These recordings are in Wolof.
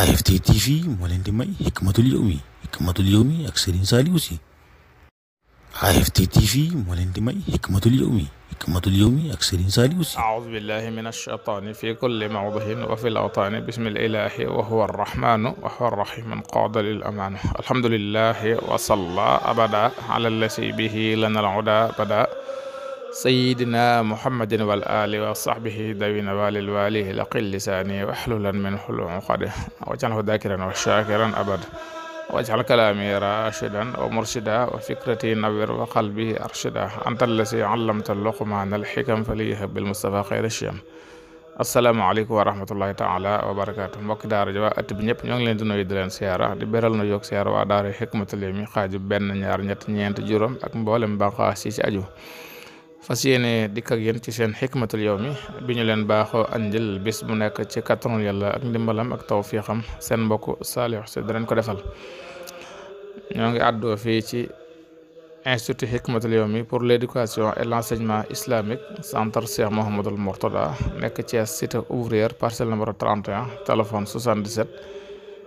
AFT TV moo leen di may Hikmatul Yawmi Hikmatul Yawmi ak Serigne Saliou Sy AFT TV moo leen di may Hikmatul Yawmi Hikmatul Yawmi ak Serigne Saliou Sy aoudu billahi min alcheytani fi kulli mawdihin wa fi lawtaani bismillahi wa huwa arrahmanu wa huwa arrahim man qaada lil amaanu alhamdulillahi wa salla abada ala allasi bihi lana al huda bada sayidina muhammadin wal ali wa sahbihi dawina walil walihi laqil lisaani waxlulan min xulun qade waj'alhu dakiran wa shakiran abad waj'al kalami rashidan wa murshida wa fikrati nawir wa qalbi arshida anta allasi allamta luqman alxikam faliyah bil mustafa xayra shiyam asalaamaaleykum wa rahmatullahi taala wa barakaatu mbokki daara ji waa at bi ñëpp ñoo ngi leen di nuyu di leen siyaara di beral na yoog siyaara waa daara Hikmatul Yawmi xaaju benn ñaar ñett ñeent juróom ak mboolem banqaas yi ci aju fas yéene dikk ak yéen ci seen xikmatul mi bi ñu leen baaxoo andil bis bu nekk ci kattanul yàlla ak ndimbalam ak tawfiixam seen mbokk Saliou Sy danañ ko defal ñoo ngi àddoo fii ci institut xikmatul yawmi pour l'éducation et l'enseignement islamique centre Cheikh Mouhamadoul Mourtada nekk Thiès cité ouvrière parcelle numéro 31 téléphone 77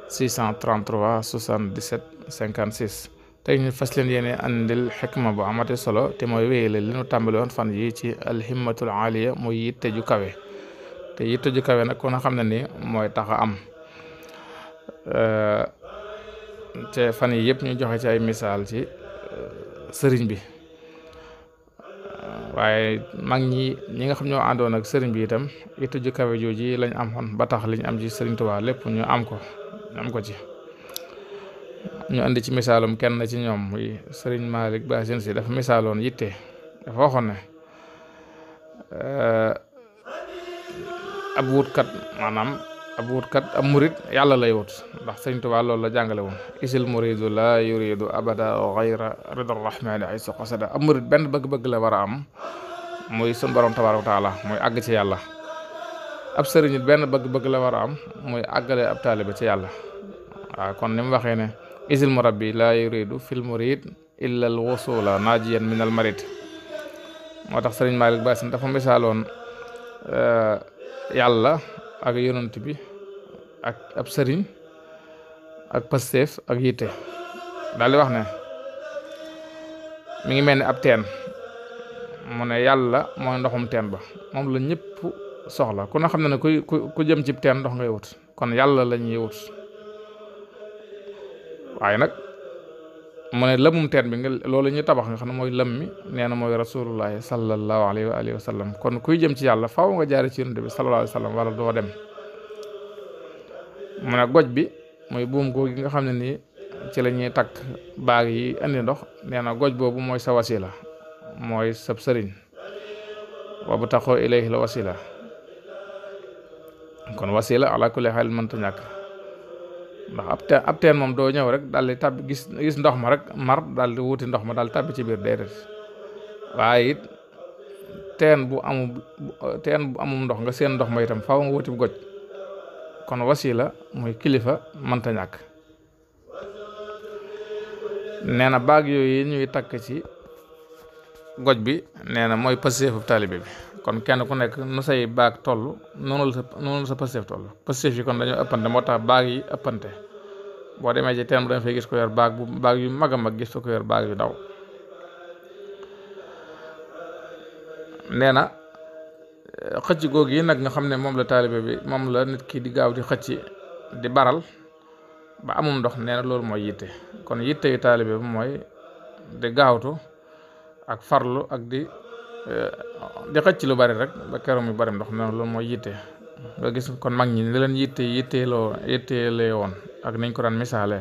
633 77 56 te ñu fas leen yéene andil xikma bu amate solo te mooy wéyale li ñu tàmbali woon fan yi ci alhimmatul aaliya mooy yitte ju kawe te yitte ju kawe nag kon xam ne ni mooy taxa am te fan yi yëpp ñu joxe ci ay misaal ci sëriñ bi waaye mag ñi ñi nga xam ñoo àndoon ak sëriñ bi itam yitte ju kawe jooji lañ am xon ba tax liñ am ci sëriñ Tuubaa lépp ñu am ko ñu am ko ci ñu andi ci misaalum kenn ci ñoom muy sëriñ Malick Basin si dafa misaaloon yitte dafa waxoon ne euh, ab wutkat maanaam ab wutkat ab murit yàlla lay wut ndax sëriñ Tuubaa loolu la jàngale wu isil muridu la yuridu abada xayra rida rahmani aysa qasada ab murit benn bëgg-bëgg la war a am muy sun borom tabaaraka wa taala muy àgg ci yàlla ab sëriñ benn bëgg-bëgg la war a am muy àggale ab taalibe ci yàlla waaw kon ni mu isil murabbi laa yuridu fil murid illa al wusula naajiyan min al marid moo tax sëriñ Malick Bassine dafa misaaloon eh, yàlla ak yonent bi ak ab sëriñ ak pasteef ak yitte daal li wax ne mu ngi mel ni ab teen mu ne yàlla mooy ndoxum teen ba moom la ñëpp soxla ku ne xam ne ne ku ku jëm ci teen ndox ngay wut kon yàlla la ñuy waaye nag mu ne lëmum teen bi nga loolu ñu tabax nga xam ne mooy lëm mi nee na mooy rasulullahi sallallahu alayhi wa alihi wa sallam kon kuy jëm ci yàlla faaw nga jaare ci bi sallallahu alayhi wala doo dem goj bi mooy buum googu gi nga xam ne nii ci la ñuy takk baag yi indi ndox nee na goj boobu mooy sa wasila mooy sab sëriñ wa bu taxoo ilayhi la kon wasila ala kulli xaal mënta ñàkk ndax ab teen moom doo ñëw rek daal di tàbbi gis ndox ma rek mar dal di wuti ndox ma daal tàbbi ci biir déedéet waaye it teen bu amul teen bu amul ndox nga seen ndox ma itam faaw nga wuti goj kon wasila muy kilifa mënta ñàkk nee na baag yooyu ñuy takk ci goj bi nee na mooy paseefu taalibe bi kon kenn ku nekk nu say baag toll noonu la sa noonu sa pëstéef toll pëstéef yi kon dañoo ëppante moo tax baag yi ëppante boo demee ci terme dañ fay gis ko baag bu baag yu mag a mag gis fa ko yor baag yu daw nee na xëcc googu yi nag nga xam ne moom la taalibe bi moom la nit kii di gaaw di xëcc di baral ba amum ndox nee loolu mooy yitte kon yitte yu taalibe bi mooy di gaawtu ak farlu ak di di xëcc lu bari rek ba keroog mi bari ndox na loolu mooy yitte nga gis kon mag ñi li leen yitte yitteeloo yitteelee woon ak niñ ko daan misaale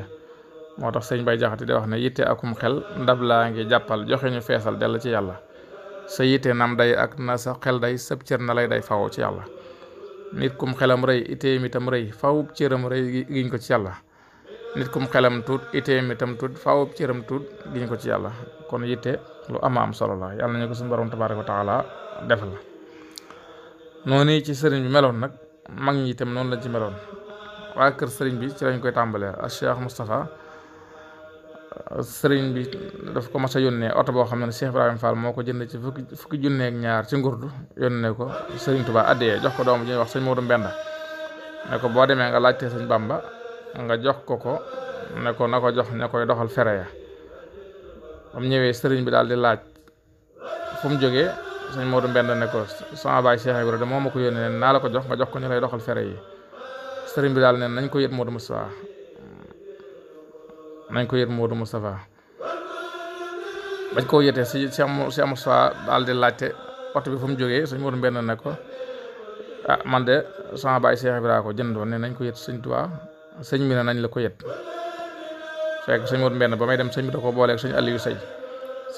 moo tax sëñ Bay Jaxate di wax ne ak um xel ndab laa ngi jàppal joxe ñu feesal dell ci yàlla sa yitte nam day ak na sa xel day sëb cër na lay day faw ci yàlla nit kum xelam rëy itteem itam rëy faw cëram rëy giñ ko ci yàlla nit kum xelam tuut iteem itam tuut faaw cëram tuut giñ ko ci yàlla kon yitte lu ama am solo la yàlla nañu ko suñu borom tabaaraka wa taala def la noonu ci sëriñ bi meloon nag mag ñi itam noonu lañ ci meloon waa kër sëriñ bi ci lañ koy tàmbalee ak Cheikh sëriñ bi daf ko mas a yónnee oto boo xam ne Cheikh Ibrahima Fall moo ko jënd ci fukki fukki junne ak ñaar ci ngurdu yónnee ko sëriñ Tuubaa addee jox ko doomu ji wax sëñ Modou Mbenda ne ko boo demee nga laajtee nga jox ko ko ne ko na ko jox ne koy doxal fere ya ba ñëwee sëriñ bi daal di laaj fu mu jógee sëñ Modou Mbend ne ko sama baay Cheikh moo ma ko naa la ko jox nga ko ñu doxal fere yi sëriñ bi daal ne nañ ko yët Modou Moustapha nañ ko yët Modou Moustapha bañ koo yëtee si Cheikh laajte oto bi fu mu jógee sëñ Modou Mbend ne ko ah man de sama baay Cheikh Ibrahima ko jëndoon ne nañ ko yët sëñ Tuubaa sëñ bi na nañ la ko yet fekk sëñ Modou Mbenn ba may dem sëñ bi da ko booleeg sëñ Aliou Sey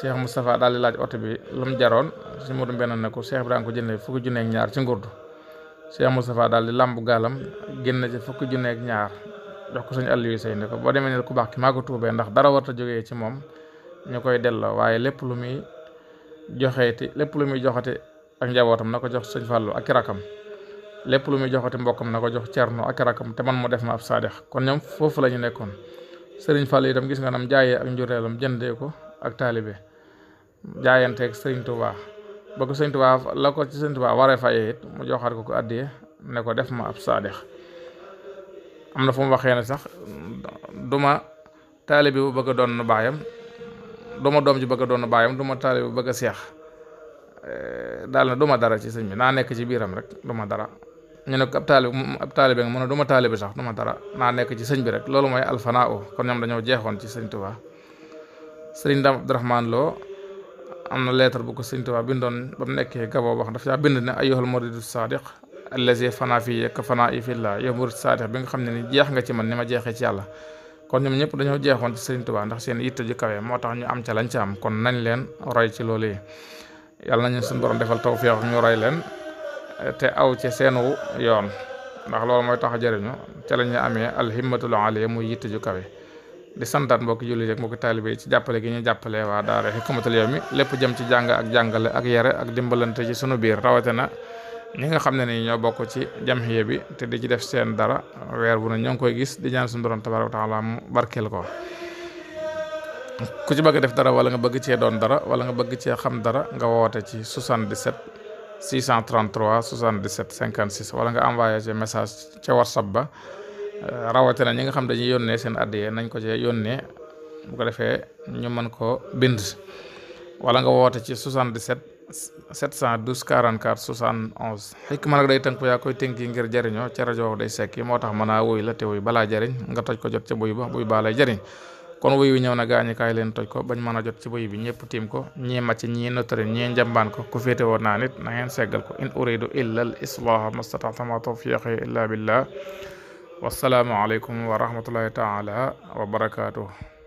Cheikh Moustapha daal di laaj oto bi lu mu jaroon sëñ Modou Mbenn na ko Cheikh bi daan ko jëndee fukki junneeg ñaar ci ngurdu Cheikh Moustapha daal di làmb gaalam génn ci fukki junneeg ñaar jox ko sëñ Aliou Sey ne ko boo demee ne ku baax ki maa ko tuubee ndax dara warta jógee ci moom ñu koy delloo waaye lépp lu muy joxeeti lépp lu muy joxati ak njabootam na ko jox sëñ Fallou ak i lépp lu muy joxati mbokkam na ko jox cerno ak rakam te man mu def ma ab saadex kon ñoom foofu la ñu nekkoon sëriñ Fall tam gis nga nam jaayee ak njureelam jëndee ko ak taalibe jaayanteeg sëriñ Touba ba ko sëriñ Touba la ko ci sëriñ Touba waree fayee it mu joxaat ko ko àddee ne ko def ma ab saadex am na fu mu waxee ne sax duma taalibe bu bëgg a doon baayam duma doom ji bëgg doon doon baayam duma taalibe bu bëgg a seex daal na duma dara ci sëñ bi naa nekk ci biiram rek duma dara ñu ne ko ab taalibe ab taalibe nga mu ne du ma taalibe sax du ma dara naa nekk ci sëñ bi rek loolu mooy alfanaa o kon ñoom dañoo jeexoon ci sëñ Tuubaa sëriñ Dame Abdourahmane Lo am na lettre bu ko sëñ Tuubaa bindoon ba mu nekkee Gabon wax daf caa bind ne ayyuhal muridu saadiq allazi fanaa fii ka fanaa i fillah yow murid saadiq nga xam ne ni jeex nga ci man ni ma jeexee ci yàlla kon ñoom ñëpp dañoo jeexoon ci sëriñ Tuubaa ndax seen yitte ju kawe moo tax ñu am ca lañ ca am kon nañ leen roy ci loolu yi yàlla nañu suñu borom defal tawfiq ñu roy leen te aw ci seenu yoon ndax loolu mooy tax a jëriñu ca la ñuy amee alhimmatul aliya muy yitte ju kawe di santaat mbokki julli rek mbokki taalibe ci jàppale gi ñu jàppale waa daara Hikmatul mi lépp jëm ci jàng ak jàngale ak yare ak dimbalante ci sunu biir na ñi nga xam ne ni ñoo bokk ci jamhiya bi te di ci def seen dara weer bu ne ñoo ngi koy gis di ñaan suñu borom tabaaraka wa taala mu barkeel ko ku ci bëgg def dara wala nga bëgg cee doon dara wala nga bëgg cee xam dara nga woote ci 77 633 77 56 wala nga envoyé ci message ca whatsapp ba euh, rawatina ñi nga xam dañuy yónnee seen addiya nañ ko ci yónnee bu ko defee ñu mën ko bind wala nga woote ci 77 712 44 71 xikma nag day tënku yaa koy tënki ngir jariñoo ca rajo day sekki moo tax mën a wuy la te wuy balaa jariñ nga toj ko jot ca buy ba buy baa lay jariñ kon wuyu wi ñëw na gaañi kaay leen toj ko bañ mën a jot ci wuyu bi ñëpp tiim ko ñii màcc ñii notari ñii njambaan ko ku féete woon naa nit na ngeen seggal ko in uridu illa al islaha mastataata ma tawfiqi illa billah wasalaamu aleykum wa rahmatullahi taala wa barakaatuh